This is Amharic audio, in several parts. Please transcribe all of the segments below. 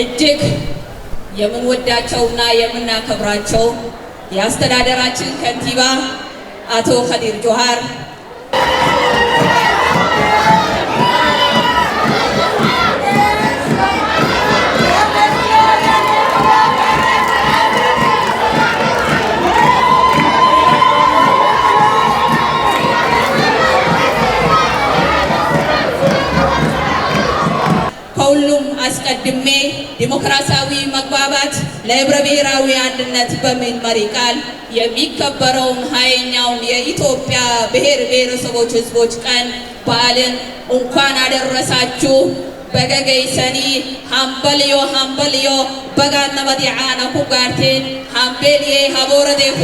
እጅግ የምንወዳቸውና የምናከብራቸው የአስተዳደራችን ከንቲባ አቶ ከዲር ጆሃር ከሁሉም አስቀድሜ ዲሞክራሲያዊ መግባባት ለህብረ ብሔራዊ አንድነት በሚል መሪ ቃል የሚከበረውን ሀያኛውን የኢትዮጵያ ብሔር ብሔረሰቦች ህዝቦች ቀን በዓልን እንኳን አደረሳችሁ። በገገይሰኒ ሀምበልዮ ሀምበልዮ በጋነበዲዓነኩ ጋርቴን ሀምቤልዬ ሀቦረዴኩ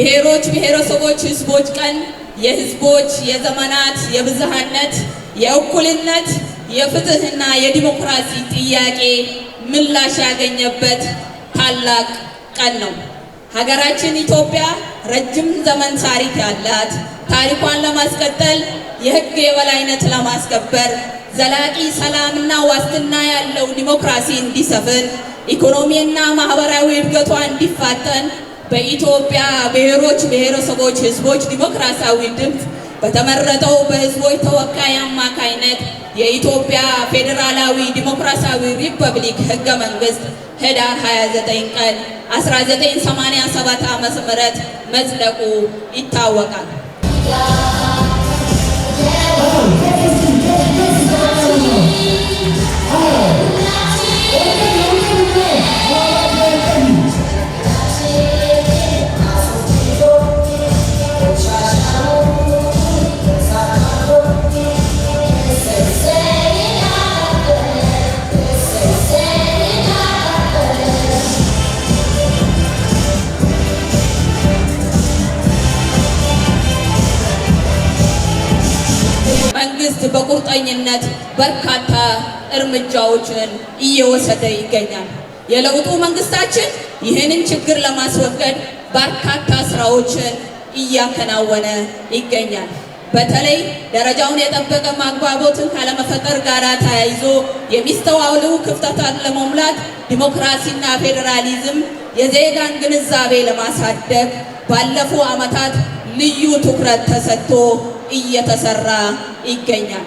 ብሔሮች፣ ብሔረሰቦች፣ ህዝቦች ቀን የህዝቦች የዘመናት የብዝሃነት የእኩልነት የፍትህና የዲሞክራሲ ጥያቄ ምላሽ ያገኘበት ታላቅ ቀን ነው። ሀገራችን ኢትዮጵያ ረጅም ዘመን ታሪክ ያላት ታሪኳን ለማስቀጠል የህግ የበላይነት ለማስከበር ዘላቂ ሰላምና ዋስትና ያለው ዲሞክራሲ እንዲሰፍን ኢኮኖሚና ማህበራዊ እድገቷ እንዲፋጠን በኢትዮጵያ ብሔሮች ብሔረሰቦች ህዝቦች ዲሞክራሲያዊ ድምፅ በተመረጠው በህዝቦች ተወካይ አማካይነት የኢትዮጵያ ፌዴራላዊ ዲሞክራሲያዊ ሪፐብሊክ ህገ መንግስት ህዳር 29 ቀን 1987 ም መጽደቁ ይታወቃል። መንግስት በቁርጠኝነት በርካታ እርምጃዎችን እየወሰደ ይገኛል። የለውጡ መንግስታችን ይህንን ችግር ለማስወገድ በርካታ ስራዎችን እያከናወነ ይገኛል። በተለይ ደረጃውን የጠበቀ ማግባቦትን ካለመፈጠር ጋር ተያይዞ የሚስተዋሉ ክፍተታት ለመሙላት ዲሞክራሲና ፌዴራሊዝም የዜጋን ግንዛቤ ለማሳደግ ባለፉ ዓመታት ልዩ ትኩረት ተሰጥቶ እየተሰራ ይገኛል።